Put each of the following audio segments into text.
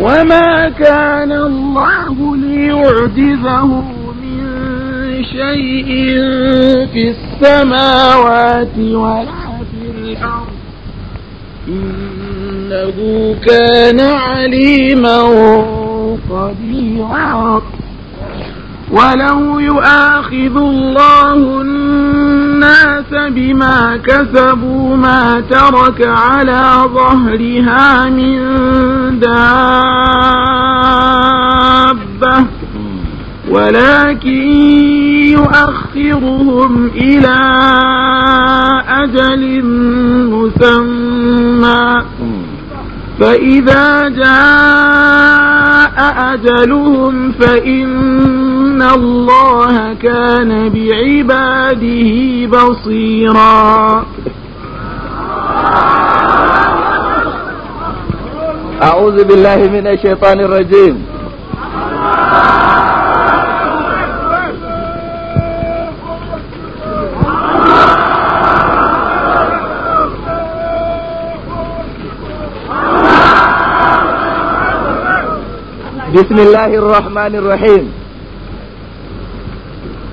وما كان الله ليعجزه من شيء في السماوات ولا في الأرض إنه كان عليما قديرا ولو يؤاخذ الله الناس بما كسبوا ما ترك على ظهرها من دابة ولكن يؤخرهم إلى أجل مسمى فإذا جاء أجلهم فإن إن الله كان بعباده بصيرا أعوذ بالله من الشيطان الرجيم بسم الله الرحمن الرحيم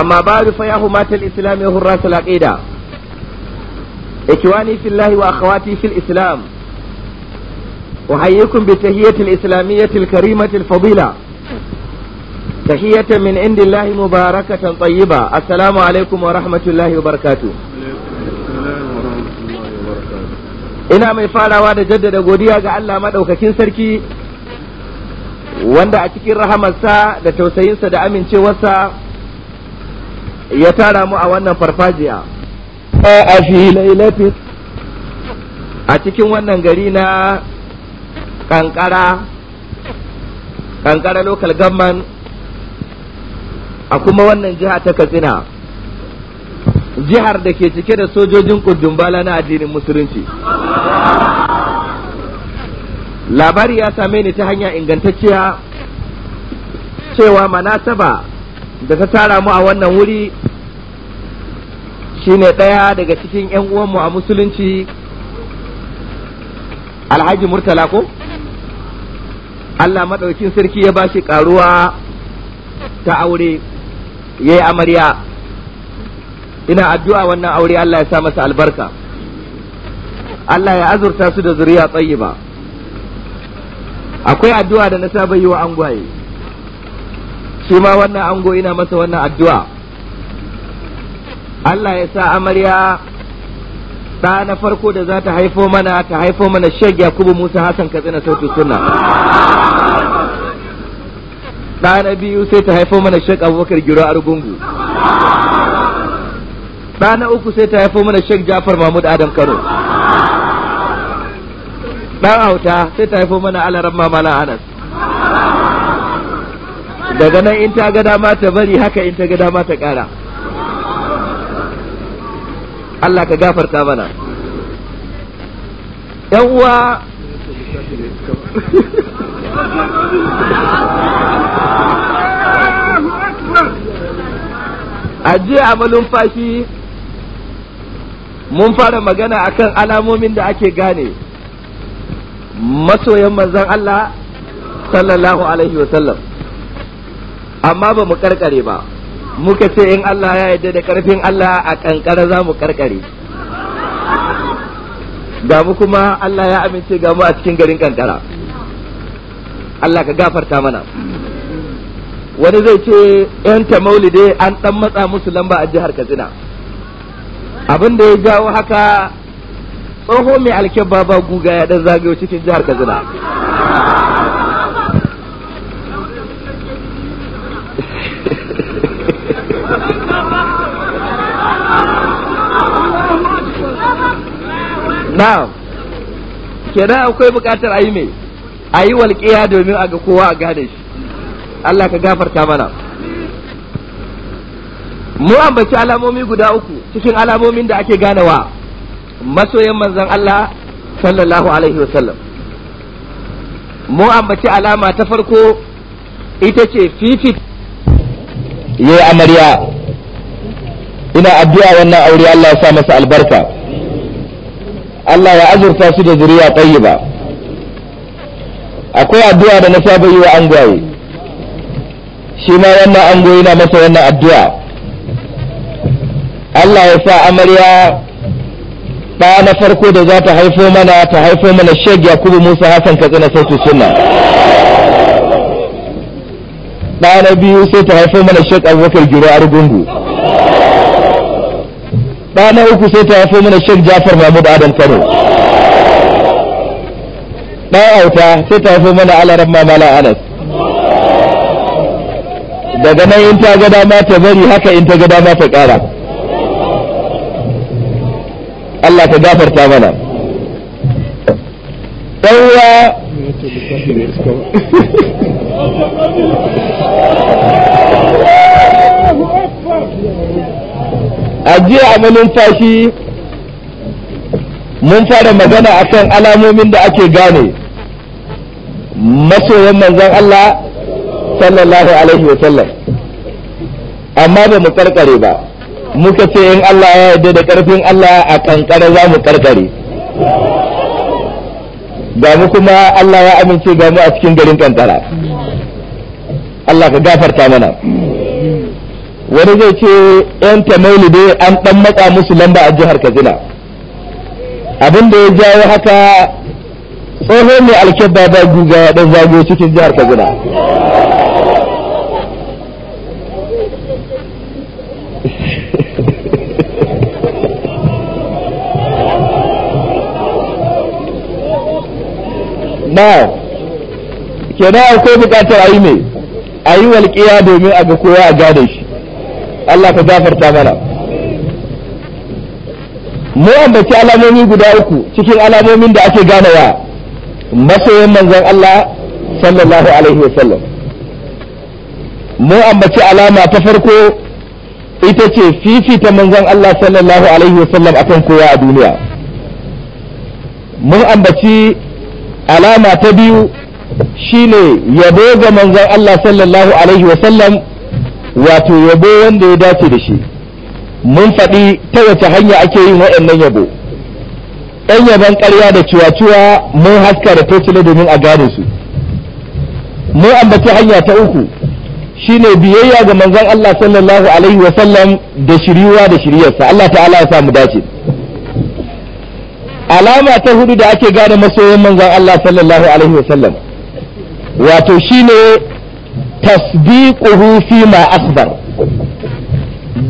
amma ba rufa ya hu matal islam ya hurra su laƙida ikiwani fi lahi wa akhawati fil islam wa hayyukum bi tahiyyati al islamiyyati al karimati al fadila tahiyyatan min indi mubarakatan tayyiba assalamu alaikum wa rahmatullahi wa barakatuh ina mai farawa da jaddada godiya ga Allah madaukakin sarki wanda a cikin rahamarsa da tausayinsa da amincewarsa ya tara mu a wannan farfajiya a fi a cikin wannan gari na kankara kankara local government a kuma wannan jiha ta katsina jihar da ke cike da sojojin kudumbala na addinin musulunci labari ya same ni ta hanya ingantacciya cewa manasaba da ta tara mu a wannan wuri shine ɗaya daga cikin 'yan uwanmu a musulunci alhaji murtala ko Allah maɗaukin sarki ya ba shi ƙaruwa ta aure ya yi amarya ina addu'a wannan aure Allah ya sa masa albarka Allah ya azurta su da zuriya tsayi ba akwai addu'a da na saba yi wa angwaye shi ma wannan ango ina masa wannan addu'a Allah ya sa amarya ɗa na farko da za ta haifo mana ta haifo mana shek yakubu musa hassan katsina sautu suna ɗa na biyu sai ta haifo mana shek abubakar giro argungu ɗa na uku sai ta haifo mana shek jafar mahmud adam kano ɗan hauta sai ta haifo mana alaran mamala anas daga nan in ta ga dama ta bari haka in ta ga dama ta ƙara Allah ka gafarta mana ‘yan uwa a jiya a mun fara magana akan alamomin da ake gane masoyan manzan Allah sallallahu alaihi wasallam amma ba mu karkare ba muka ce in Allah ya yarda da karfin Allah a kankara za mu karkare ga mu kuma Allah ya amince ga mu a cikin garin kankara Allah ka gafarta mana wani zai ce yan ta maulide an dan matsa musu lamba a jihar Katsina abin da ya jawo haka tsoho mai alkyabba ba guga ya dan zagayo cikin jihar Katsina na'am kenan akwai bukatar yi mai yi walƙiya domin a ga kowa a gane shi Allah ka gafarta mana mu ambaci alamomi guda uku cikin alamomin da ake ganawa masoyan manzon Allah sallallahu alaihi wasallam mu ambaci alama ta farko ita ce fifita yayi amarya ina addu'a wannan aure Allah ya sa masa albarka Allah ya azurta su da zuriya ba akwai addu'a da na saba yi wa angwaye shi ma wannan ango yana masa wannan addu'a Allah ya sa amarya ɗa na farko da za ta haifo mana ta haifo mana shag yakubu musa hassan katsina sai su sunna ɗa na biyu sai ta haifo mana shek abubakar giro argungu ɗa na uku sai ta haifo mana shek jafar mahmud adam kano ɗa auta sai ta haifo mana alaran mamala anas daga nan in ta ga dama ta bari haka in ta ga dama ta ƙara Allah ka gafarta mana ɗanwa a jiya a malumfashi mun fara magana akan alamomin da ake gane masoyan manzon Allah sallallahu alaihi wa sallam amma ba mu karkare ba muka ce in Allah ya yarda da karfin Allah a kankara za mu karkare ga mu kuma Allah ya amince ga mu a cikin garin kankara Allah ka gafarta mana wani zai ce yan dai an dan matsa musu lamba a jihar kazina abin da ya jawo haka tsoho mai alkyar ba guga ya dan zago cikin jihar na ke na akwai bukatar a yi ne a yi walƙiya domin a ga kowa a gane shi Allah ka gafarta mana mu ambaci alamomi guda uku cikin alamomin da ake ganawa masoyin manzon Allah sallallahu alaihi wasallam mu ambaci alama ta farko ita ce fifita manzon Allah sallallahu alaihi wasallam akan kowa a duniya mun ambaci alama ta biyu shine yabo ga manzon Allah sallallahu alaihi wasallam wato yabo wanda ya dace da shi mun faɗi ta wace hanya ake yin waɗannan yabo ɗan yaban ƙarya da ciwa-ciwa mun haska da tocila domin a gane su mun ambaci hanya ta uku shine biyayya ga manzon Allah sallallahu alaihi wa sallam da shiriwa da shiriyarsa Allah ta'ala ya samu dace alama ta hudu da ake gane masoyan manzon Allah sallallahu alaihi wa sallam wato shine tasdiquhu fi ma akhbar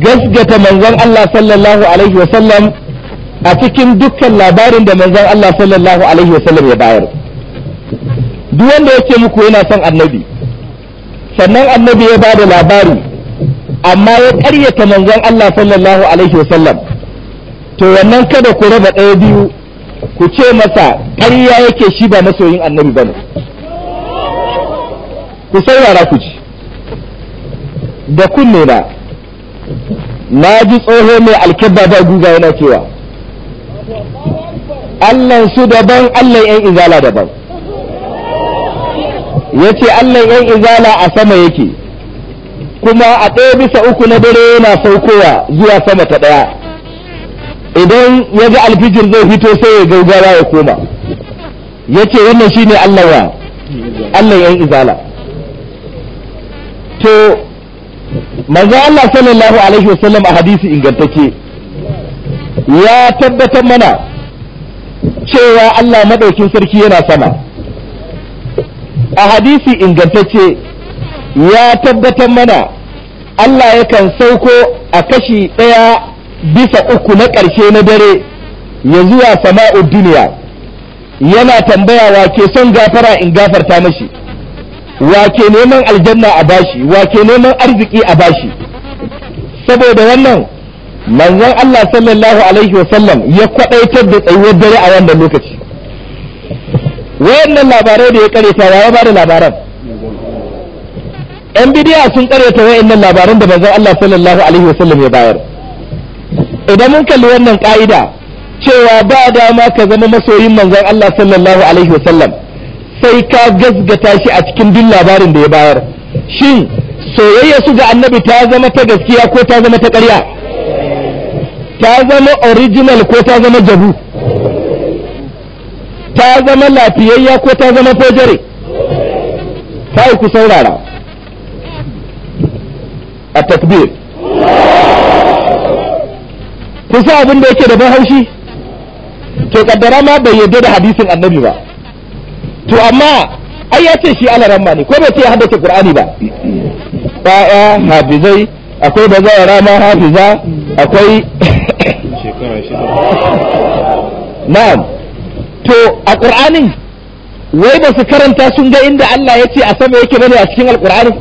gasgata manzon Allah sallallahu alaihi wa sallam a cikin dukkan labarin da manzon Allah sallallahu alaihi wa sallam ya bayar duk wanda yake muku yana son annabi sannan annabi ya bada labari amma ya ƙaryata manzon Allah sallallahu alaihi wa sallam to wannan kada ku raba ɗaya biyu ku ce masa ƙarya yake shi ba masoyin annabi bane ku saurara ku ji da kunne na na ji tsoho mai alkebba da guga yana cewa Allah su daban Allah yan izala daban ya ce Allah yan izala a sama yake kuma a ɗaya bisa uku na dare yana saukowa zuwa sama ta ɗaya idan ya ga alfijir zai fito sai ya gaugara ya koma yace ce wannan shine Allah wa Allah yan izala to manzo Allah sallallahu alaihi wasallam a hadisi ingantacce ya tabbatar mana cewa Allah madaukin sarki yana sama a hadisi ingantacce ya tabbatar mana Allah yakan sauko a kashi ɗaya bisa uku na ƙarshe na dare ya zuwa sama'ud duniya yana tambayawa ke son gafara in gafarta mashi wake neman aljanna a bashi wake neman arziki a bashi saboda wannan manzon Allah sallallahu alaihi sallam ya kwadaitar da tsayuwar dare a wannan lokaci wayannan labarai da ya kareta ya ba da labaran yan bidiya sun kareta wayannan labaran da manzon Allah sallallahu alaihi sallam ya bayar idan mun kalli wannan ka'ida cewa ba dama ka zama masoyin manzon Allah sallallahu alaihi sallam sai ka gasgata shi a cikin duk labarin da ya bayar shin soyayya su ga annabi ta zama ta gaskiya ko ta zama ta ƙarya ta zama original ko ta zama jabu ta zama lafiyayya ko ta zama fojare ta ku saurara a takbir kusa abin da yake da ban haushi to kaddara ma bai yarda da hadisin annabi ba to amma ai ya ce shi alaramma ne ko bai ce haddace qur'ani ba Ba'a hafizai akwai bazawara ma hafiza akwai na'am to a qur'anin wai ba su karanta sun ga inda Allah ya ce a sama yake bane a cikin alqur'ani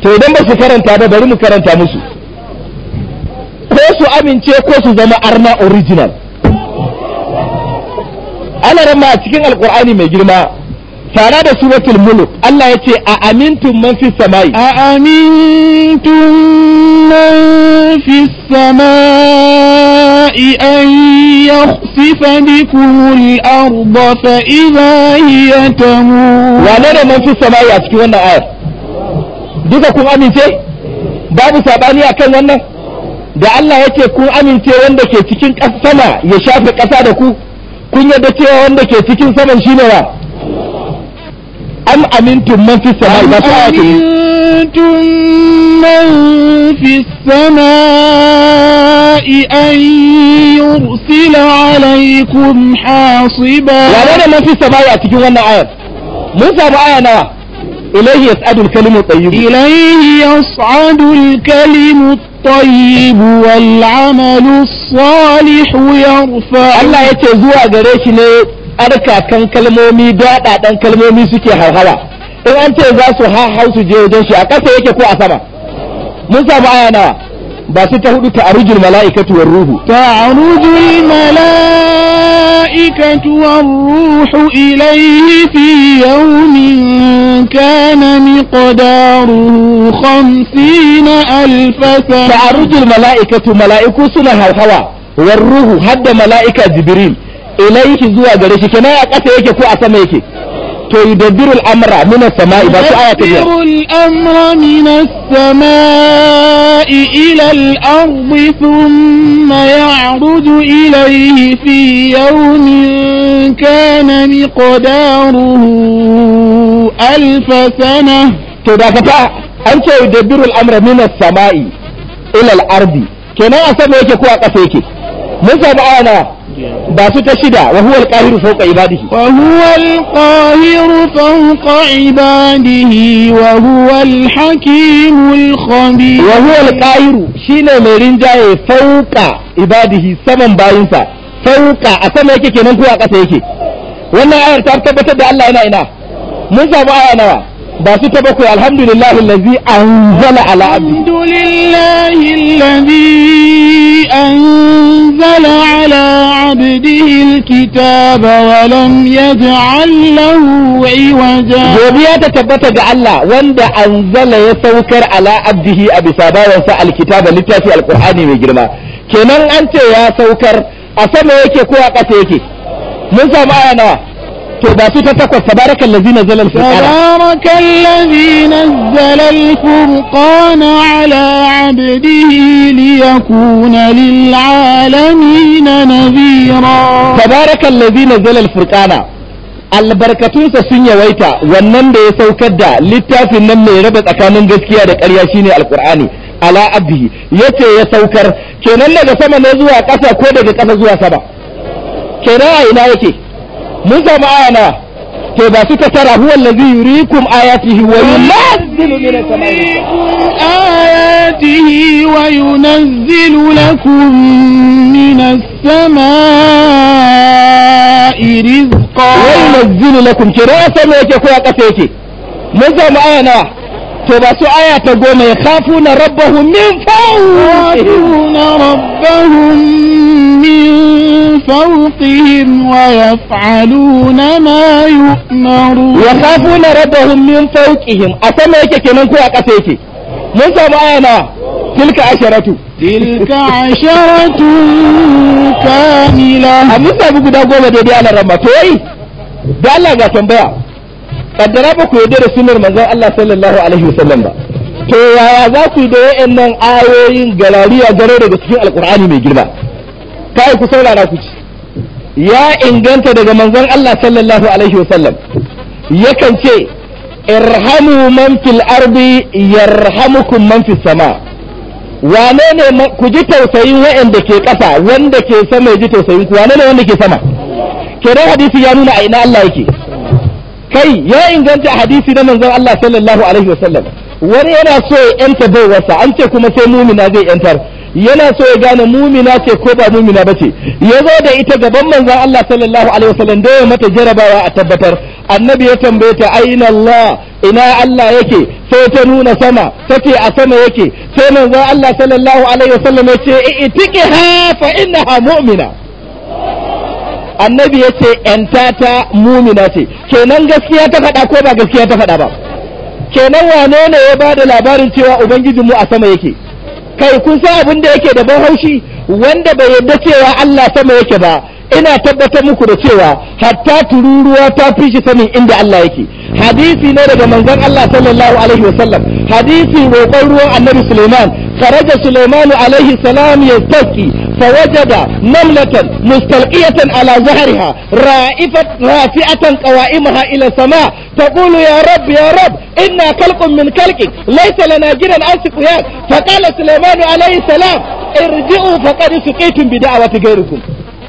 to idan ba su karanta ba bari mu karanta musu ko su amince ko su zama arna original ana ma a cikin alkur'ani mai girma tare da suratul mulk Allah ya ce a amintum man fi samai a amintum man fi samai an yakhsifa bikum al-ardha fa idha hiya tamur Wa ne man fi samai a cikin wannan ayar duka kun amince babu sabani akan wannan da Allah yace kun amince wanda ke cikin sama ya shafe ƙasa da ku kun yadda cewa wanda ke cikin saman shi ne ba am amintum man fi samai ba ta yi amintum man fi samai an yursila alaikum hasiba ya ne man fi samai a cikin wannan ayat mun samu aya nawa ilaihi yas'adul kalimu tayyib ilaihi yas'adul al-kalimu الطيب والعمل الصالح يرفع الله يتزوى غريش ne arkakan kalmomi daɗaɗan kalmomi suke hauhawa in an ce za su hau su je wajen shi a ƙasa yake ko a sama mun samu aya nawa ba sai ta hudu ta'arujul mala'ikatu war ruhu ta'arujul mala'ikatu war ruhu ilayhi fi yawmin kana miqdaruhu 50 alf sana ta'arujul mala'ikatu mala'iku suna hawa war ruhu hadda mala'ika jibril ilayhi zuwa gare shi kenan a kasa yake ko a sama yake تدبر الأمر من السماء تدبر آية الأمر من السماء إلى الأرض ثم يعرج إليه في يوم كان مقداره ألف سنة تدبر أنت يدبر الأمر من السماء إلى الأرض كنا أسمى يكي كوا مثل أنا ba su ta shida wa huwa alqahiru fawqa ibadihi wa huwa alqahiru fawqa ibadihi wa huwa alhakimul khabir wa huwa alqahiru shine mai rinjaye fawqa ibadihi saman bayinsa fawqa a sama yake kenan ko a ƙasa yake wannan ayar ta tabbatar da Allah yana ina mun samu aya nawa ba su ta bakwai alhamdulillah allazi anzala ala abdi alhamdulillah allazi anzala ala abdihi alkitaba wa lam yaj'al lahu ta tabbata ga Allah wanda anzala ya saukar ala abdihi a bisa bawansa alkitaba littafi alkur'ani mai girma kenan an ce ya saukar a sama yake ko a ƙasa yake mun samu aya nawa ترباتي تتكوى تبارك الذي نزل الفرقان تبارك الذي نزل الفرقان على عبده ليكون للعالمين نذيرا تبارك الذي نزل الفرقان albarkatunsa sun yawaita wannan da ya saukar da littafin nan mai raba tsakanin gaskiya da ƙarya shine alkur'ani ala abdihi yace ya saukar kenan daga sama ne zuwa ƙasa ko daga ƙasa zuwa sama kenan a ina yake mun samu aya na to ba suka tara huwa allazi yurikum ayatihi wa yunazzilu min as-sama'i ayatihi wa yunazzilu lakum min as-sama'i rizqan wa yunazzilu lakum kira sama yake ko a kasa yake mun samu aya na to ba su aya ta goma ya kafu na rabbahu min fawqihim rabbahum min fawqihim wa yaf'aluna ma yu'marun ya kafu na rabbahum min fawqihim a sama yake kenan ko a ƙasa yake mun samu aya na tilka asharatu tilka asharatu kamila a mun samu guda goma daidai ana ramma to yi da Allah ga tambaya kaddara ba ku yarda da sunnar manzon Allah sallallahu alaihi wasallam ba to yaya za ku yi da wayannan ayoyin galariya gare daga cikin alqur'ani mai girma kai ku saurara ku ci ya inganta daga manzon Allah sallallahu alaihi wasallam yakan ce irhamu man fil ardi yarhamukum man fis sama wane ne ku ji tausayin wayanda ke kasa wanda ke sama ya ji tausayin ku wane ne wanda ke sama kenan hadisi ya nuna a ina Allah yake kai ya inganta hadisi na manzon Allah sallallahu alaihi wasallam wani yana so ya yanta baiwarsa an ce kuma sai mumina zai yantar yana so ya gane mumina ce ko ba mumina ba ce ya zo da ita gaban manzon Allah sallallahu alaihi wasallam da ya mata jarabawa a tabbatar annabi ya tambaye ta aina Allah ina Allah yake sai ta nuna sama take a sama yake sai manzon Allah sallallahu alaihi wasallam ya ce itiqiha fa innaha mu'mina annabi ya ce ‘yanta ta mumina ce kenan gaskiya ta faɗa ko ba gaskiya ta faɗa ba kenan wane ne ya ba da labarin cewa ubangijinmu a sama yake kai kun san abin da yake da ban haushi wanda bai yadda cewa Allah sama yake ba ina tabbatar muku da cewa hatta tururuwa ta fi shi sanin inda Allah yake hadisi ne daga manzon Allah sallallahu alaihi wasallam hadisi roƙon ruwan annabi Suleiman kharaja Suleiman alaihi salam yastaki فوجد نملة مستلقية على ظهرها رائفة رافعة قوائمها إلى السماء تقول يا رب يا رب إنا كلق من كلقك ليس لنا جنا أو سقياك فقال سليمان عليه السلام ارجعوا فقد سقيتم بدعوة غيركم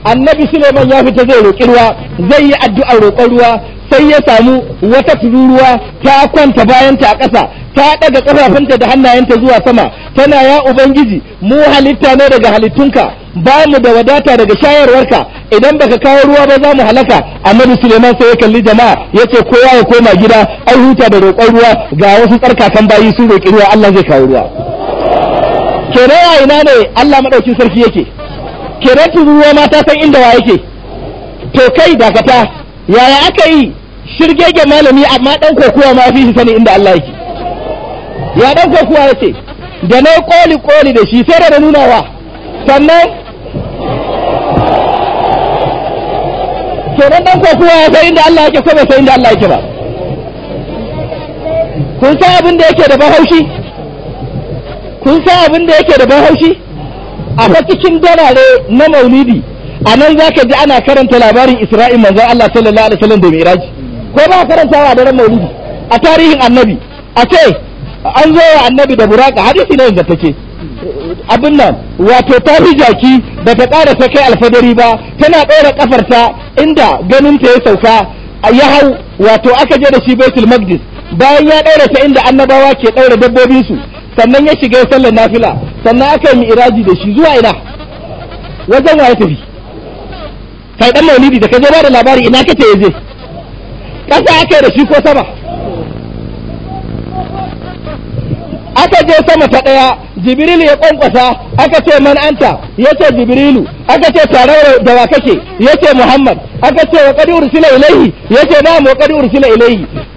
annabi suleiman ya fita zai roƙi ruwa zai yi addu'ar roƙon ruwa sai ya samu wata tururuwa ta kwanta bayanta a ƙasa ta ɗaga ƙafafunta da hannayenta zuwa sama tana ya ubangiji mu halitta ne daga halittunka ba mu da wadata daga shayarwarka idan baka kawo ruwa ba za mu halaka annabi suleiman sai ya kalli jama'a ya ce kowa ya koma gida an huta da roƙon ruwa ga wasu tsarkakan bayi sun roƙi ruwa allah zai kawo ruwa kenan a ina ne allah maɗaukin sarki yake keretin ruwa ma ta san inda wa yake to kai dakata yaya aka yi shirgege malami amma dan kokuwa ma fi sani inda Allah yake ya dan kokuwa yake da na koli koli da shi sai da nuna wa sannan kenan dan kokuwa ya san inda Allah yake ko bai san inda Allah yake ba kun san abin da yake da bahaushi kun san abin da yake da bahaushi a cikin dalare na maulidi a nan za ka ji ana karanta labarin isra'il manzon Allah sallallahu alaihi wasallam da miraji ko ba karanta a daren maulidi a tarihin annabi a ce an zo wa annabi da buraka hadisi ne ingantacce abin nan wato ta fi jaki ba ta ƙara ta kai alfadari ba tana ɗora ƙafarta inda ganin ta ya sauka ya hau wato aka je da shi baitul maqdis bayan ya ɗaura ta inda annabawa ke ɗaura dabbobinsu sannan ya shiga ya sallar nafila sannan aka yi mi'raji da shi zuwa ina wajen wa ya tafi kai dan maulidi da ka je ba da labari ina kace ya je kasa aka yi da shi ko sama aka je sama ta ɗaya jibrilu ya kwankwasa aka ce man anta yace jibrilu aka ce tare da wa kake yace muhammad aka ce wa qad ursila ya yace ma wa ursila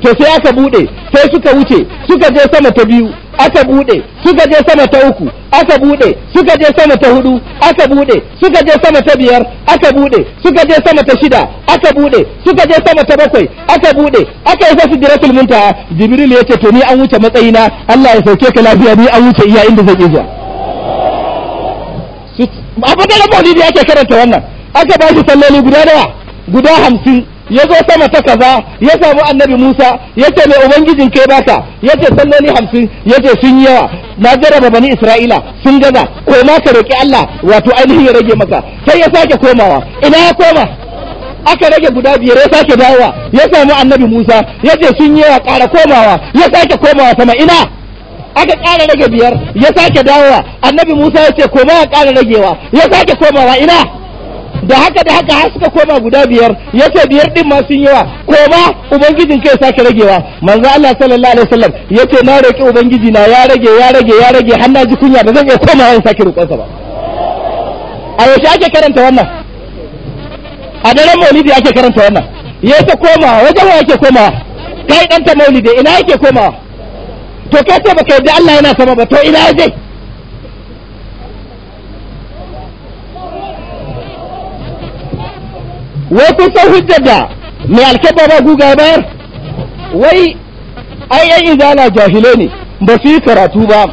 to sai aka bude sai suka wuce suka je sama ta biyu aka bude suka je sama ta uku aka bude suka je sama ta hudu aka bude suka je sama ta biyar aka bude suka je sama ta shida aka bude suka je sama ta bakwai aka bude aka yi su diratul muntaha jibril ce to ni an wuce matsayina Allah ya sauke ka lafiya ni an wuce iya inda suka kija a fadalar maulidi ake karanta wannan aka ba shi salloli guda nawa guda hamsin ya zo sama ta kaza ya samu annabi musa ya ce mai ubangijin ke baka ya ce salloli hamsin ya ce sun yi yawa na jaraba bani isra'ila sun gaza ma ka roƙi allah wato ainihin ya rage maka sai ya sake komawa ina ya koma aka rage guda biyar ya sake dawowa ya samu annabi musa ya ce sun yi yawa ƙara komawa ya sake komawa sama ina aka ƙara rage biyar ya sake dawowa annabi musa ya ce koma ya ƙara ragewa ya sake komawa ina da haka da haka har suka koma guda biyar ya ce biyar ɗin masu yawa koma ubangijin kai sake ragewa manzo Allah sallallahu alaihi wasallam ya ce na roki ubangiji na ya rage ya rage ya rage har na ji kunya da zan iya komawa in sake roƙonsa ba a yaushe ake karanta wannan a daren maulidi ake karanta wannan ya ta komawa wajen wa ake komawa kai ɗanta maulidi ina ake komawa to kai ce baka yadda Allah yana sama ba to ina yaje wai kun san hujjar da mai alkaba ba guga bayar wai ai ai izala jahilai ne ba su yi karatu ba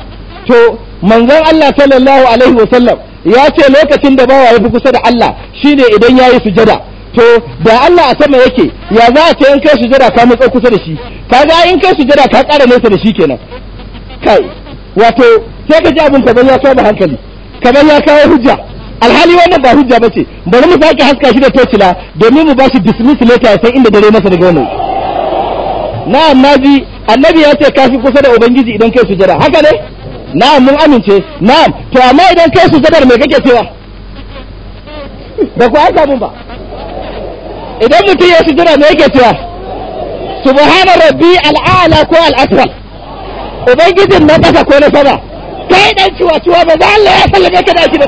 to manzon Allah sallallahu alaihi wasallam ya ce lokacin da bawa ya fi kusa da Allah shine idan yayi sujada to da Allah a sama yake ya za a ce in kai jira ka matsa kusa da shi Ka ga in kai jira ka kara nesa da shi kenan kai wato sai ka ji abin kamar ya kawo hankali kamar ya kawo hujja alhali wannan ba hujja ce, bari mu sake haska shi da tocila domin mu ba shi dismiss later ya san inda dare masa daga wannan na'am naji annabi ya ce kafi kusa da ubangiji idan kai sujada haka ne na'am mun amince na'am to amma idan kai sujadar me kake cewa ba ku aka mun ba idan mutum ya sujjada me yake cewa subhana rabbi al'ala ko al'asfal ubangijin na kasa ko na sama kai dan ciwa ciwa ba za Allah ya sallame ka da shi da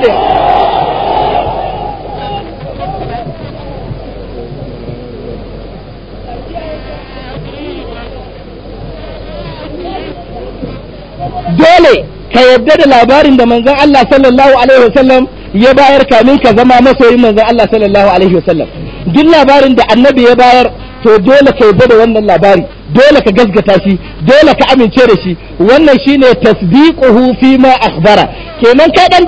dole ka yarda da labarin da manzon Allah sallallahu alaihi wasallam ya bayar kamin ka zama masoyin manzon Allah sallallahu alaihi wasallam duk labarin da annabi ya bayar to dole ka yarda da wannan labari dole ka gasgata shi dole ka amince da shi wannan shine tasdiquhu fi ma akhbara kenan kai dan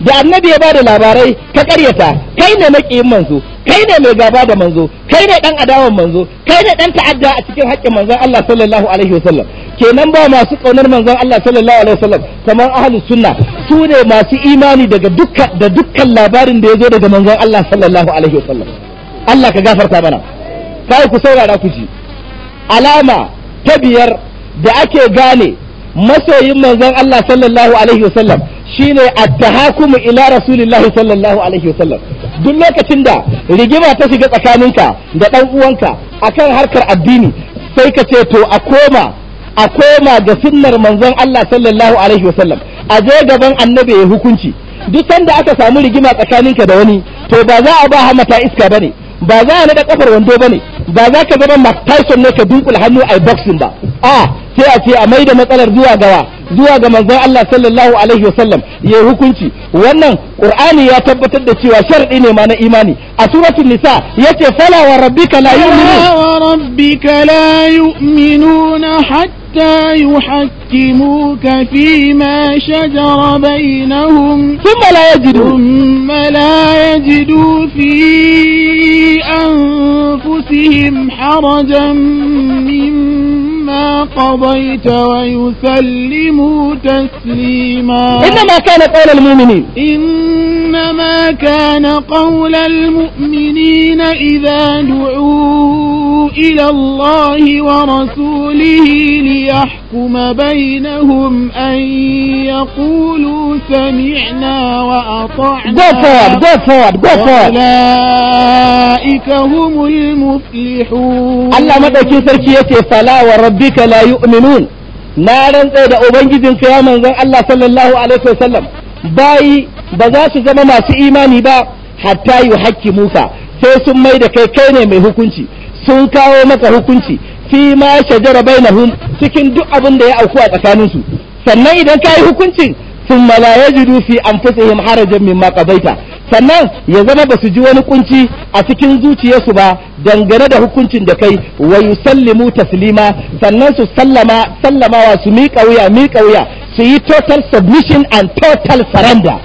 da annabi ya bada labarai ka karyata kai ne makiyin manzo kai ne mai gaba da manzo kai ne dan adawan manzo kai ne dan ta'adda a cikin haƙƙin manzon Allah sallallahu alaihi wasallam kenan ba masu kaunar manzon Allah sallallahu alaihi wasallam kamar ahlus sunna su ne masu imani daga dukkan da dukkan labarin da ya zo daga manzon Allah sallallahu alaihi wasallam Allah ka gafarta mana sai ku saurara ku ji alama ta biyar da ake gane masoyin manzon Allah sallallahu alaihi wasallam shine at-tahakumu ila rasulillahi sallallahu alaihi wasallam duk lokacin da rigima ta shiga tsakaninka da dan uwanka akan harkar addini sai ka ce to a koma a koma ga sunnar manzon Allah sallallahu alaihi wasallam a je gaban annabi ya hukunci duk sanda aka samu rigima tsakaninka da wani to ba za a ba hamata iska bane ba za a naɗa kafar wando bane ba za ka zama Mike Tyson ne ka dunkul hannu a boxing ba a sai a ce a mai da matsalar zuwa gawa zuwa ga manzon Allah sallallahu alaihi wasallam ya hukunci wannan qur'ani ya tabbatar da cewa sharadi ne ma na imani a suratul nisa yace fala wa rabbika la yu'minu wa rabbika la yu'minuna hatta yuhakkimuka ma shajara bainahum thumma la yajidu thumma la yajidu fi anfusihim harajan mimma قضيت ويسلموا تسليما إنما كان قول المؤمنين إنما كان قول المؤمنين إذا دعوا إلى الله ورسوله ليحكم بينهم أن يقولوا سمعنا وأطعنا go forward, go forward, go forward. أولئك هم المفلحون الله ما تكون تركية فلا وربك لا يؤمنون ما رنت إذا أبنجد القيامة الله صلى الله عليه وسلم باي بذات زمان ما في إيماني با حتى يحكي موسى sun mai da kai kai ne mai sun kawo maka hukunci fi ma shajara bainahum cikin duk abin da ya auku a tsakanin su sannan idan ka hukuncin sun mala ya jidu fi anfusihim harajan mimma qadaita sannan ya zama ba su ji wani kunci a cikin zuciyarsu ba dangane da hukuncin da kai wa yusallimu taslima sannan su sallama sallamawa su miƙa wuya miƙa wuya su yi total submission and total surrender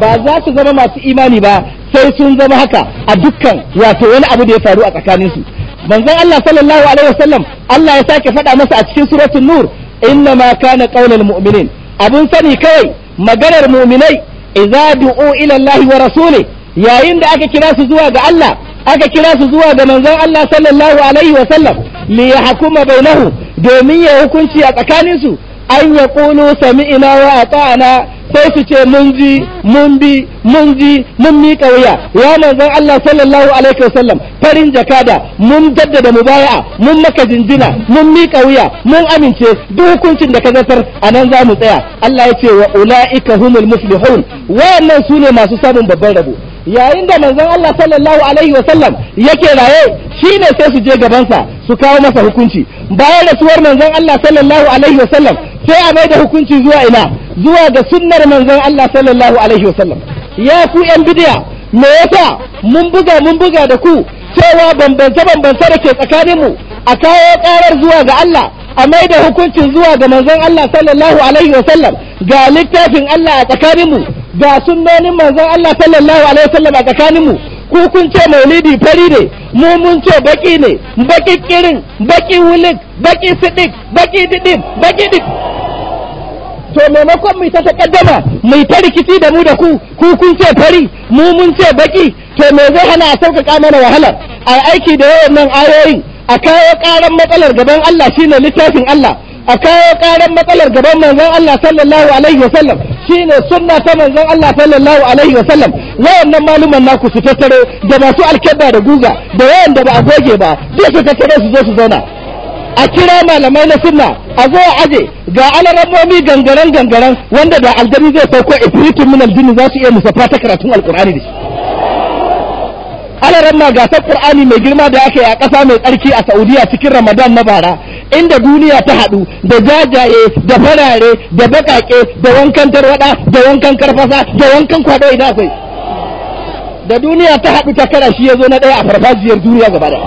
ba za su zama masu imani ba sai sun zama haka a dukkan wato wani abu da ya faru a tsakanin su manzon Allah sallallahu alaihi wasallam Allah ya sake faɗa masa a cikin suratul nur inna ma kana qaulal mu'minin abun sani kawai maganar mu'minai idza du'u ila Allah wa rasuli yayin da aka kira su zuwa ga Allah aka kira su zuwa ga manzon Allah sallallahu alaihi wasallam li yahkuma bainahu domin ya hukunci a tsakanin su an yaqulu sami'na wa ata'na sai su ce mun ji mun bi mun ji mun miƙa wuya ya manzon Allah sallallahu alaihi wasallam farin jakada mun jaddada mubaya'a mun maka jinjina mun miƙa wuya mun amince duk hukuncin da ka zartar a nan za mu tsaya Allah ya ce wa ula'ika humul muflihun wayannan sune ne masu samun babban rabo yayin da manzon Allah sallallahu alaihi wa sallam yake raye shine sai su je gabansa su kawo masa hukunci bayan rasuwar manzon Allah sallallahu alaihi wa sallam sai a mai da hukunci zuwa Ila zuwa ga sunnar manzon Allah sallallahu alaihi wa sallam ya ku yan bidiya me yasa mun buga mun buga da ku cewa bambance bambance da ke tsakaninmu a kawo karar zuwa ga Allah a mai da hukuncin zuwa ga manzon Allah sallallahu alaihi wa sallam ga littafin Allah a tsakaninmu ga sunnonin manzon Allah sallallahu alaihi wasallam a tsakanin mu ku kun ce maulidi fari ne mu mun ce baki ne baki kirin baki wulik baki sidik baki didim baki dik to maimakon mu ta takaddama mu ta rikici da mu da ku ku kun ce fari mu mun ce baki to me zai hana a sauƙaƙa mana wahalar a aiki da yawan nan ayoyin a kawo ƙaran matsalar gaban Allah shine littafin Allah a kawo karan matsalar gaban manzon Allah sallallahu alaihi wasallam shine sunna ta manzon Allah sallallahu alaihi wasallam wayannan maluman naku su tattaro da masu alkebba da guga da yawan da ba a goge ba sai su tattaro su zo su zauna a kira malamai na sunna a zo a aje ga alarammomi gangaren gangaren wanda da aljani zai sauko ifritin min aljini za su iya musafa ta karatun alkur'ani da shi alaran na gasar qur'ani mai girma da aka yi a ƙasa mai tsarki a saudiya cikin ramadan na bara inda duniya ta haɗu da jajaye da farare da baƙaƙe da wankan tarwaɗa da wankan karfasa da wankan kwaɗo idan akwai da duniya ta haɗu ta kara shi ya zo na ɗaya a farfajiyar duniya gaba da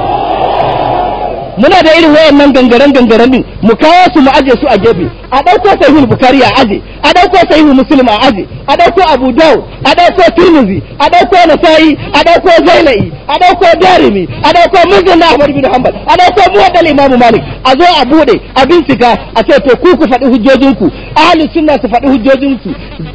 muna da irin wayannan gangaren gangaren din mu kawo su mu aje su a gefe a sai hul bukari a aje a sai hul muslim a aje a dauko abu daud a dauko turmizi a dauko nasa'i a dauko zainai a dauko darimi a dauko muslim ahmad bin hanbal a dauko muwaddal imamu malik a zo a bude a bincika a ce to ku ku faɗi hujjojinku ahli sunna su faɗi hujjojinku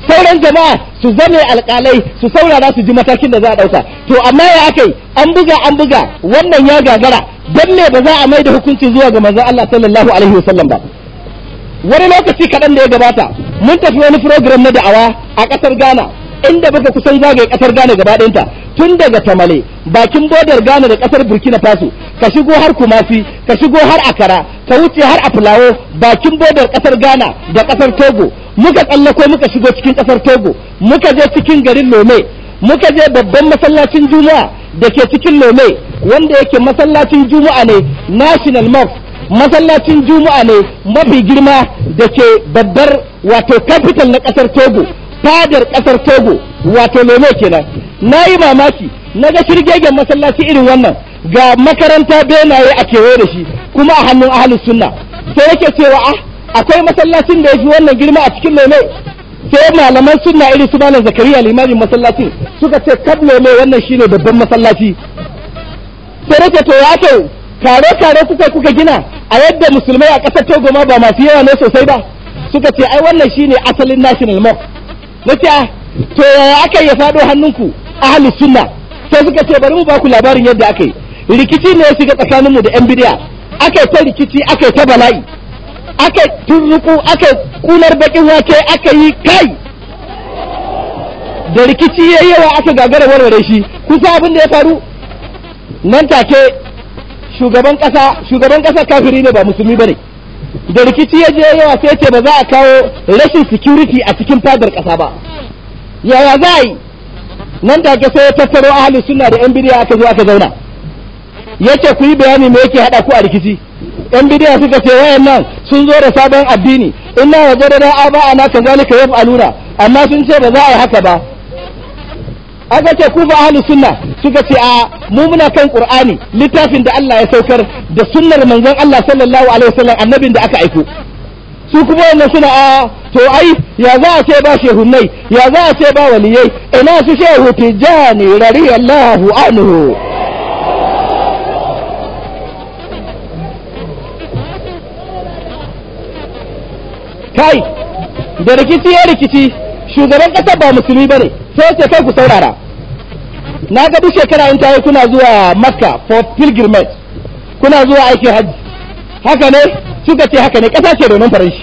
sauran jama'a su zame alƙalai su saurara su ji matakin da za a ɗauka to amma ya akai an buga an buga wannan ya gagara don me ba za a mai da hukunci zuwa ga manzon Allah sallallahu alaihi wasallam ba wani lokaci kaɗan da ya gabata mun tafi wani program na da'awa a ƙasar Ghana inda baka kusan zagaye ƙasar Ghana gaba ɗinta tun daga Tamale bakin bodar Ghana da ƙasar Burkina Faso ka shigo har Kumasi ka shigo har Akara ka wuce har Afulawo bakin bodar ƙasar Ghana da ƙasar Togo muka tsallako muka shigo cikin ƙasar Togo muka je cikin garin Lome muka je babban masallacin Juma'a da ke cikin lome wanda yake masallacin juma'a ne national mosque masallacin juma'a ne mafi girma da ke babbar wato capital na kasar togo fadar kasar togo wato lome kenan na yi mamaki na ga shirgegen masallaci irin wannan ga makaranta benaye a kewaye da shi kuma a hannun ahalus sunna sai yake cewa ah akwai masallacin da ya fi wannan girma a cikin lome sai malaman sunna irin su malam zakariya limamin masallacin suka ce kablo ne wannan shine babban masallaci sai nake to ya to kare kare kuka kuka gina a yadda musulmai a ƙasar Togo ma ba masu yawa ne sosai ba suka ce ai wannan shine asalin national mosque a ah, to ya aka ya fado hannunku ahlus sunna sai suka ce bari mu ba ku labarin yadda aka yi rikici ne ya shiga tsakaninmu da yan bidiya aka ta rikici aka ta bala'i aka turruku aka kunar bakin wake aka yi kai da rikici ya yi yawa aka gagara warware shi kusa abin da ya faru nan take shugaban kasa shugaban kasa kafiri ne ba musulmi bane da rikici ya je yawa sai ce ba za a kawo rashin security a cikin fadar kasa ba yaya za a yi nan take sai ya tattaro ahalin sunna da yan bidiya aka zo aka zauna yace ku yi bayani me yake hada ku a rikici yan bidiya suka ce wayannan sun zo da sabon addini inna wajadana aba'ana kazalika allura amma sun ce ba za a yi haka ba aka ce ku ba ahlus sunna suka ce a mu muna kan qur'ani littafin da Allah ya saukar da sunnar manzon Allah sallallahu alaihi wasallam annabin da aka aiko su kuma wannan suna a to ai ya za a ce ba shehunai ya za a ce ba waliyai ina su shehu tijani radiyallahu anhu kai da rikici ya rikici shugaban kasa ba musulmi ba ne sai ce kai ku saurara na ga duk shekara in ta yi kuna zuwa makka for pilgrimage kuna zuwa aikin hajji haka ne suka ce haka ne ƙasa ce domin faranshi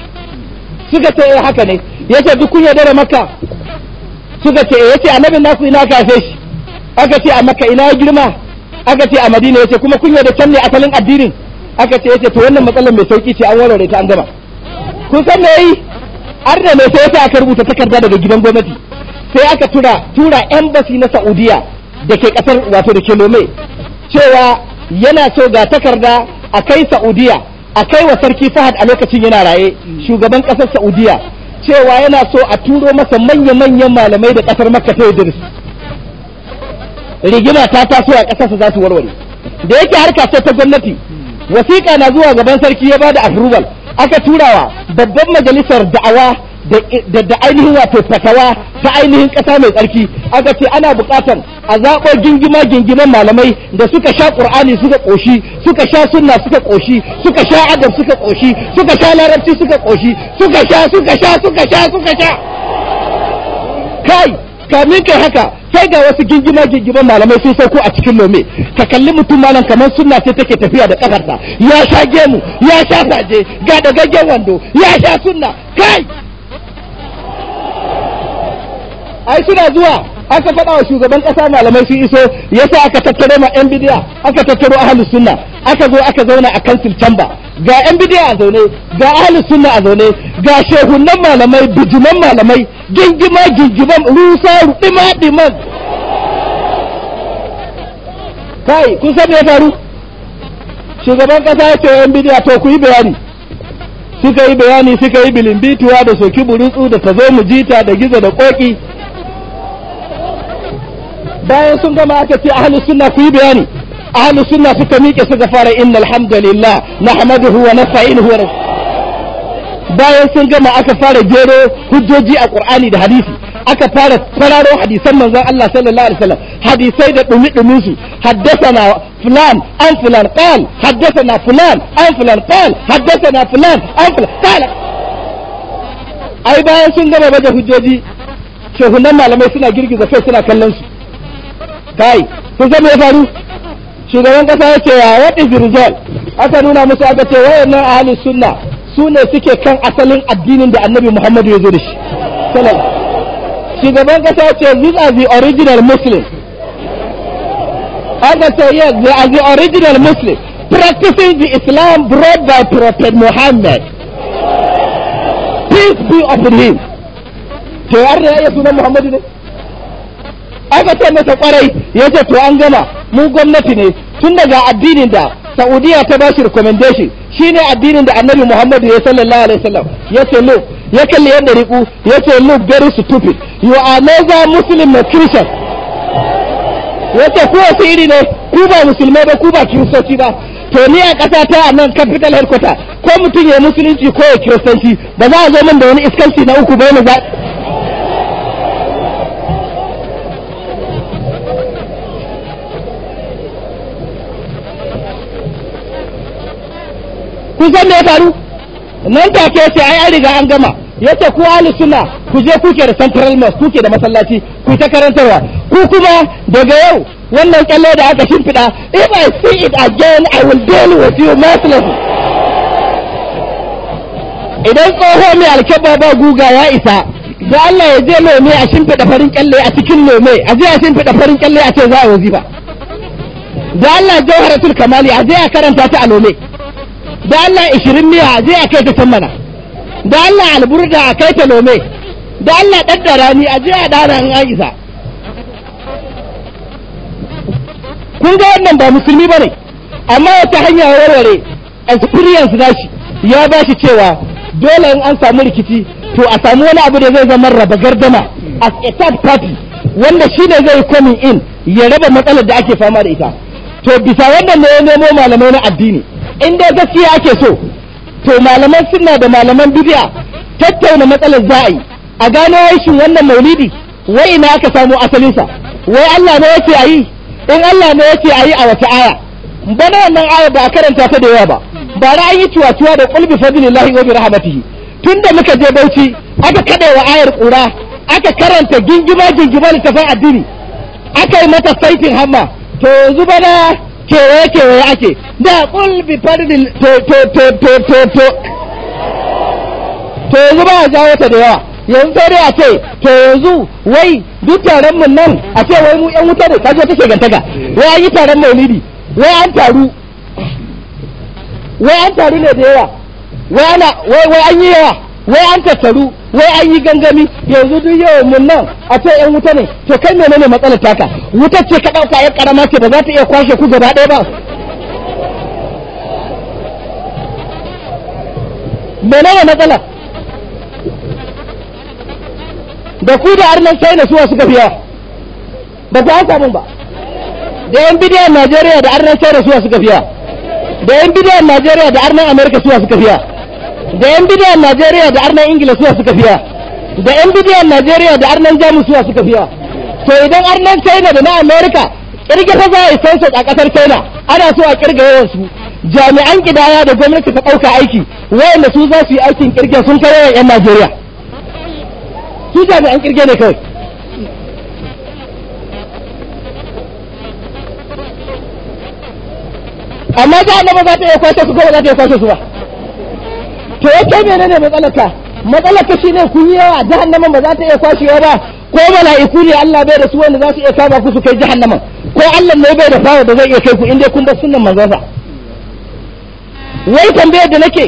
suka ce eh, haka ne ce duk kunya dare makka suka ce eh, a annabin nasu ina kafe shi aka ce a makka ina ya girma aka ce a madina ya ce kuma kunya da can ne asalin addinin aka ce ce to wannan matsalar mai sauki ce an warware ta an gama kun san me yi an da mai sai aka rubuta takarda daga gidan gwamnati sai aka tura tura embassy na Saudiya da ke kasar wato da ke Lome cewa yana so ga takarda a kai Saudiya a kai wa sarki Fahad a lokacin yana raye shugaban kasar Saudiya cewa yana so a turo masa manya-manyan malamai da kasar Makka ta Idris rigima ta taso a kasarsa za su warware da yake harka ta gwamnati wasiƙa na zuwa gaban sarki ya bada approval aka turawa babban majalisar da'awa da ainihin wato fatawa ta ainihin ƙasa mai tsarki aka ce ana buƙatar a zaɓo gingima gingiman malamai da suka sha ƙur'ani suka ƙoshi suka sha sunna suka ƙoshi suka sha adam suka ƙoshi suka sha larabci suka ƙoshi suka sha suka sha suka sha suka sha kai kamin kai haka sai ga wasu gingima gingiman malamai sun sauko a cikin lome ka kalli mutum malam kamar suna ce take tafiya da kafarsa ya sha gemu ya sha saje ga dagaggen wando ya sha suna kai ai suna zuwa aka faɗa wa shugaban ƙasa malamai sun iso yasa aka tattaro ma yan bidiya aka tattaro ahlus sunna aka zo aka zauna a council chamber ga yan bidiya a zaune ga ahlus sunna a zaune ga shehunan malamai bijiman malamai gingima gingiman rusa rudima diman kai kun san me ya faru shugaban ƙasa ya ce yan bidiya to ku yi bayani suka yi bayani suka yi bilimbituwa da soki burutsu da ta zo mu jita da gizo da koki bayan sun gama aka ce ahlus sunna ku yi bayani ahlus sunna suka miƙe suka fara innal hamdalillah nahmaduhu wa nasta'inuhu wa bayan sun gama aka fara gero hujjoji a qur'ani da hadisi aka fara fararo hadisan manzon Allah sallallahu alaihi wasallam hadisai da dumi dumin su haddathana fulan an fulan qal haddathana fulan an fulan qal haddathana fulan an fulan qal ai bayan sun gama bada hujjoji shehunan malamai suna girgiza kai suna kallon su kai sun san me ya faru shugaban kasa ya ce ya what is aka nuna musu aka ce wayannan ahli sunna su ne suke kan asalin addinin da annabi muhammadu ya zo da shi shugaban kasa ya ce these are the original muslim aka ce yes they are the original muslim practicing the islam brought by prophet muhammad peace be upon him to yarda ya sunan muhammadu ne aka ce masa kwarai ya ce to an gama mu gwamnati ne tun daga addinin da saudiya ta bashi recommendation ne addinin da annabi muhammadu ya sallallahu alaihi wasallam ya ce no ya kalli yadda riku ya ce look very stupid you are neither muslim nor christian ya ce ku wasu iri ne ku ba musulmai ba ku ba kiristoci ba to ni a ƙasa ta a nan capital headquarter ko mutum ya musulunci ko ya kiristanci ba za a zo min da wani iskanci na uku ba ne ba kun san me ya faru nan take ce ai an riga an gama yace ku ahli sunna ku je kuke da central mosque kuke da masallaci ku ta karantarwa ku kuma daga yau wannan kalle da aka shimfida if i see it again i will deal with you mercilessly idan tsoho mai alkaba ba guga ya isa da Allah ya je lome a shimfida farin kyalle a cikin lome a je a shimfida farin kyalle a ce za a ba da Allah jawharatul kamali a je a karanta ta a nome da Allah ishirin miya zai a kai ta can mana da Allah alburda a kai ta lome da Allah daddara ni a jiya a dana an aiza kun ga wannan ba musulmi ba ne amma ta hanya warware experience shi ya ba shi cewa dole in an samu rikici to a samu wani abu da zai zama raba gardama as a third party wanda shi ne zai coming in ya raba matsalar da ake fama da ita to bisa wannan ne ya nemo malamai na addini in dai gaskiya ake so to malaman sunna da malaman bid'a tattauna matsalar za'i a gano shin wannan maulidi wai ina aka samu asalinsa wai Allah ne yake ayi in Allah ne yake ayi a wata aya bana wannan aya ba karanta ta da yawa ba ba ra an yi tuwatuwa da qulbi fadlillahi wa bi rahmatihi tunda muka je Bauchi aka kadewa ayar ƙura aka karanta gingima gingima littafin addini aka yi mata saitin hamma to yanzu bana kewaye kewaye ake da kul bi fardil to to to to to to to yanzu ba a jawo ta da yawa yanzu sai dai a ce to yanzu wai duk taron mu nan a ce wai mu yan wuta ne kaje take gantaga wai an yi taron maulidi wai an taru wai an taru ne da yawa wai ana wai wai an yi yawa wai an tattaru wai an yi gangami yanzu duk yau mun nan a ce yan wuta ne to kai ne matsalar taka wuta ce ka ɗauka yan ƙarama ce ba za ta iya kwashe ku gaba ɗaya ba ne matsalar da ku da arnan sai na suwa suka biya ba ku an samun ba da yan bidiyar najeriya da arnan sai na suwa suka biya da yan bidiyar najeriya da arnan amerika suwa suka biya da yan bidiyar najeriya da arnan ingila suwa suka fiya da yan bidiyar najeriya da arnan jamus suwa suka fiya to idan arnan china da na america kirga ta zai san su a kasar china ana so a kirga yawansu jami'an kidaya da gwamnati ta dauka aiki wayanda su za su yi aikin kirge sun kare yan najeriya su jami'an kirge ne kawai amma ta annaba za ta iya kwace su ko ba za ta iya kwace su ba to ya kai ne matsalaka matsalaka shine kun yi yawa jahannama ba za ta iya kwashewa ba ko mala'iku ne Allah bai da su wanda za su iya kama ku su kai jahannama ko Allah ne bai da fara da zai iya kai ku inda kun bar sunnan manzansa wai tambayar da nake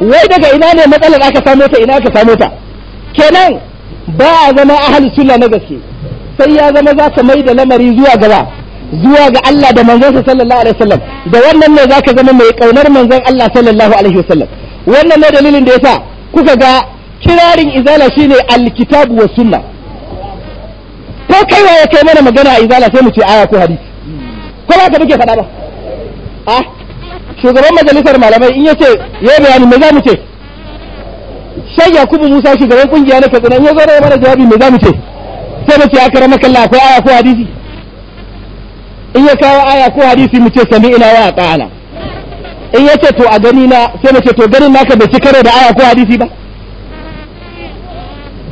wai daga ina ne matsalar aka samu ta ina aka samu ta kenan ba a zama ahli sunna na gaske sai ya zama za ka mai da lamari zuwa gaba zuwa ga Allah da manzansa sallallahu alaihi wasallam da wannan ne zaka zama mai kaunar manzon Allah sallallahu alaihi wasallam wannan ne dalilin da ya sa kuka ga kirarin izala shine alkitabu wa sunna ko kai ya kai mana magana a izala sai mu ce aya ko hadisi ko ba ka muke faɗa ba a ah, shugaban majalisar malamai in yace yayi bayani me za mu ce shan yakubu musa shugaban kungiya na katsina ya zo da mana jawabi me za mu ce sai mu ce aka rama kalla akwai aya ko hadisi in ya kawo aya ko hadisi mu ce sami ina wa ta'ala in yace to a gani na sai na ce to ganin naka bai ci karo da aya ko hadisi ba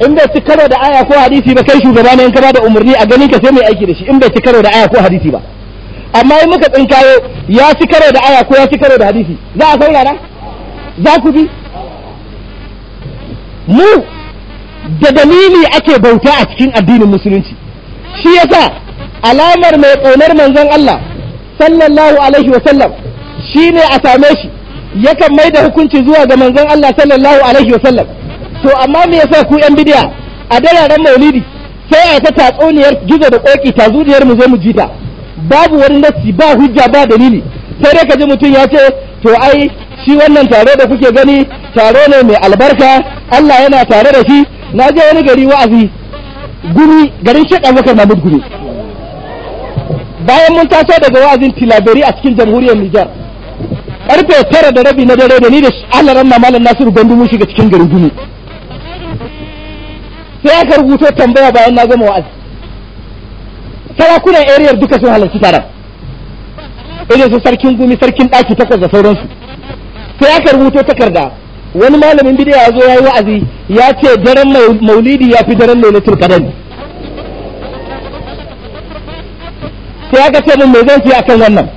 in bai ci karo da aya ko hadisi ba kai shugaba ne in ka da umarni a gani ka sai mai aiki da shi in bai ci karo da aya ko hadisi ba amma in muka tsinkayo ya ci karo da aya ko ya ci karo da hadisi za a saurara za ku bi mu da dalili ake bauta a cikin addinin musulunci shi yasa alamar mai ƙaunar manzon Allah sallallahu alaihi wa sallam Shi ne a same shi yakan mai da hukunci zuwa ga manzon Allah sallallahu alaihi wa sallam to amma me yasa ku yan bidiya a dararen maulidi sai a ta tatsuniyar gizo da koki ta zuriyar mu zo mu jita babu wani nassi ba hujja ba dalili sai dai ka ji mutum ya ce to ai shi wannan taro da kuke gani taro ne mai albarka Allah yana tare da shi na je wani gari wa'azi guri garin Sheikh Abubakar Mahmud Gumi bayan mun taso daga wa'azin Tilaberi a cikin jamhuriyar Nijar karfe tara da rabi na dare da ni da Allah na malam nasiru gandu mun shiga cikin gari gumi sai aka rubuto tambaya bayan na gama wa'azi sarakunan area duka sun halarci taron idan su sarkin gumi sarkin ɗaki takwas da sauransu sai aka rubuto takarda wani malamin bidiya ya zo ya yi wa'azi ya ce daren maulidi ya fi daren lailatul qadar sai aka ce min me zan siya akan wannan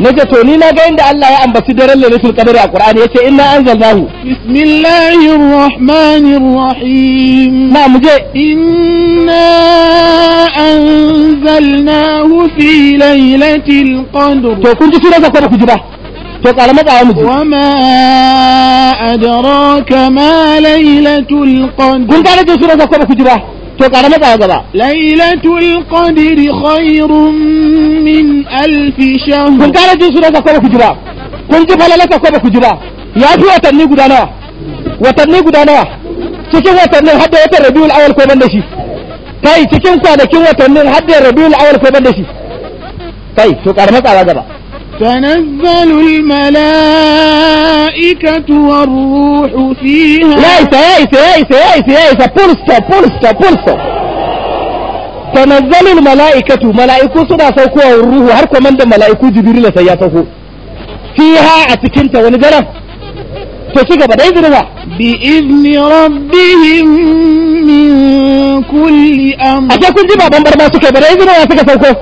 nace to ni na ga inda Allah ya ambaci daren lailatul qadr a Qur'ani yace inna anzalnahu bismillahir rahmanir rahim na muje inna anzalnahu fi lailatul qadr to kun ji sunan ko ku ji to kalama tsawa mu ji wama adraka ma lailatul qadr kun ga da ku ji تقرمت أغضاء ليلة القدر خير من ألف شهر قل قال جنسو لك أكوب كجراء قل جبال لك أكوب كجراء يا أبو أتنيه قدانا وأتنيه قدانا تكين وأتنيه حد يتر ربيو الأول كوما نشي طيب تكين كوانا كين وأتنيه حد يتر ربيو الأول كوما نشي طيب تقرمت أغضاء تنزل الملائكة والروح فيها يا إيسا يا إيسا يا إيسا يا إيسا يا إيسا بولسا بولسا بولسا تنزل الملائكة ملائكة سنة سوكوا والروح هركوا من ده ملائكة جبريل سياسوكو فيها أتكنت ونجرم تشيك بدأي ذنبا بإذن ربهم من كل أمر أتكنت بابا برما سوكي بدا ذنبا سكي سوكو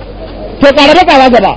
تقال على جبا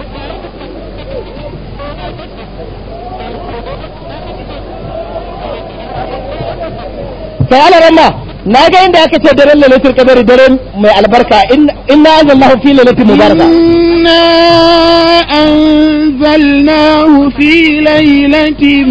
sai ana ranna na ga inda aka ce daren lailatul qadari daren mai albarka inna anzalnahu fi lailatul mubaraka inna anzalnahu fi lailatin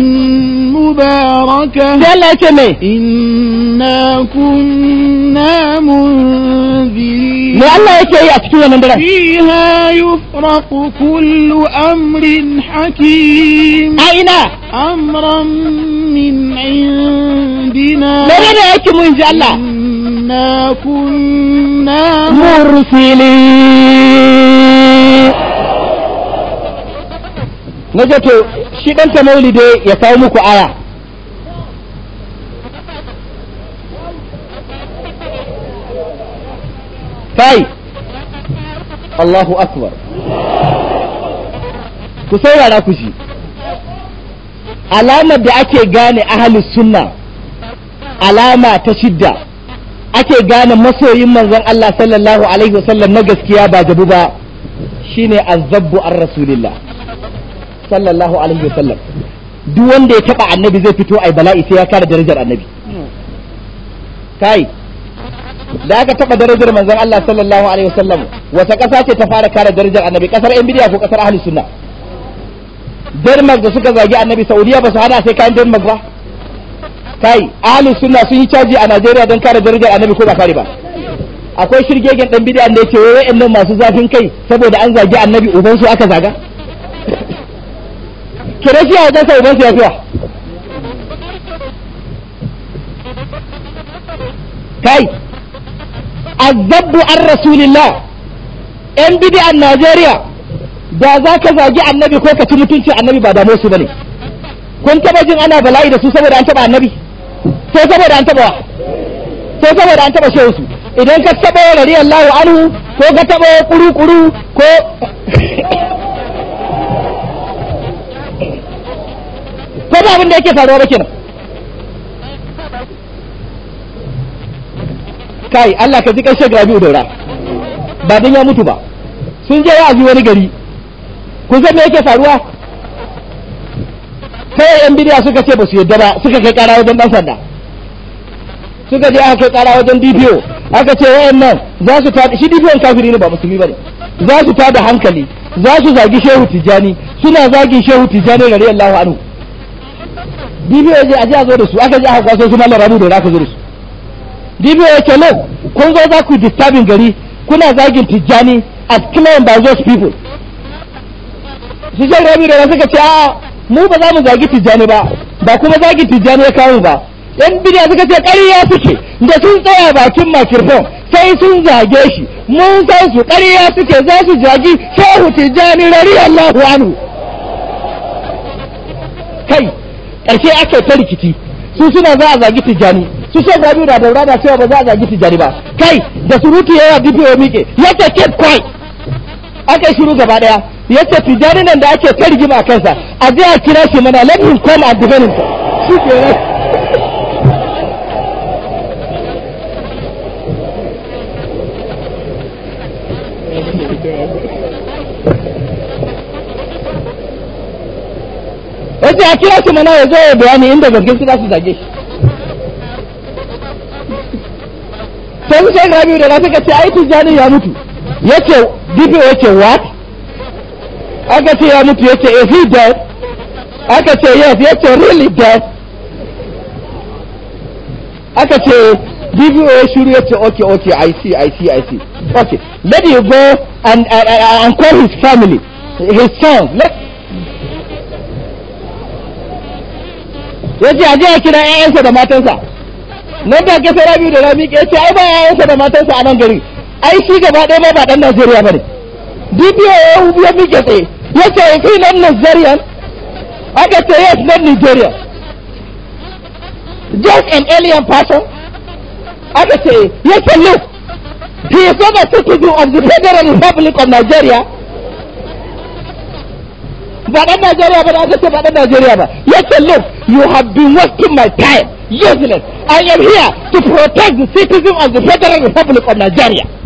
mubaraka yalla ce me inna kunna munziri me Allah yake yi a cikin wannan daren fiha yufraqu kullu amrin hakim a ina amran min indina me aikin mu inji Allah na kunna mursilin naje to shi dan ta maulide ya kawo muku aya kai Allahu akbar ku saurara ku ji alamar da ake gane ahalus sunna alama ta shidda ake gane masoyin manzon Allah sallallahu alaihi wasallam na gaskiya ba jabu ba shine azzabbu an rasulillah sallallahu alaihi wasallam duk wanda ya taba annabi zai fito ai bala'i sai ya kare darajar annabi kai da aka taba darajar manzon Allah sallallahu alaihi wasallam wata kasa ce ta fara kare darajar annabi kasar yan bidiya ko kasar ahli sunna Denmark da suka zagi annabi Saudiya ba su hada sai kayan Denmark ba kai ahlus sunna sun yi caji a Najeriya don kare darajar annabi ko ba kare ba akwai shirgegen dan bid'a da yake wayoyin nan masu zafin kai saboda an zagi annabi uban su aka zaga kire shi a wajen sa uban su ya fiya kai azabbu an rasulillah yan a Najeriya da za ka zagi annabi ko ka ci mutunci annabi ba da su bane kun taba jin ana bala'i da su saboda an taba annabi sai saboda an taba sai saboda an taba shehu su idan ka taba radiyallahu anhu ko ka taba kuru kuru ko ko ba abin da yake faruwa ba kenan kai Allah ka ji kan shek biyu Daura ba din ya mutu ba sun je wa'azi wani gari kun san me yake faruwa sai yan bidiya suka ce ba su yadda ba suka kai kara wajen dan sanda suka je aka kai kara wajen DPO aka ce wayannan za su ta shi DPO kafiri ne ba musulmi bane za su ta da hankali za su zagi Shehu Tijani suna zagi Shehu Tijani Allahu anhu DPO je aje a zo da su aka je aka kwaso su mallan rabu da aka zo da su DPO ya ce no kun zo za ku disturbing gari kuna zagin Tijani as claim by those people su ce Rabi da suka ce a'a mu ba za mu zagi tijjani ba ba kuma zagi tijjani ya kawo ba yan bidiya suka ce ƙarya suke da sun tsaya bakin makirfon sai sun zage shi mun san su ƙarya suke za su zagi shehu tijjani rari Allahu! anhu kai ƙarshe ake ta rikici su suna za a zagi tijjani su shek rabi da daura da cewa ba za a zagi tijjani ba kai da surutu yawa ya miƙe yake keep quiet Ake shiru gaba ɗaya yace tijani nan da ake ta rigima kansa a je a kira shi mana let him come and defend him shi kenan yace a kira shi mana ya zo ya bayani inda zargin su za su zage shi sai su rabi da na suka ce aiki jani ya mutu yace dibe yace what aka ce ya mutu ya ce is he dead aka ce yes ya ce really dead aka ce DBO ya shuru ya ce okay okay I see I see I see okay let you go and uh, uh, uh and call his family his son let yace aje ya kira ƴaƴansa da matansa nan da ke sai biyu da rami ke ce ai ba ƴaƴansa da matansa a nan gari ai shi gaba ɗaya ba ba dan Najeriya bane DBO ya ya mike tsaye ya ce is he not Nigerian aka ce yes not Nigerian just an alien person aka ce ya ce look he is not a citizen of the Federal Republic of Nigeria ba dan Najeriya ba da aka ce ba dan Najeriya ba ya ce look you have been wasting my time useless I am here to protect the citizen of the Federal Republic of Nigeria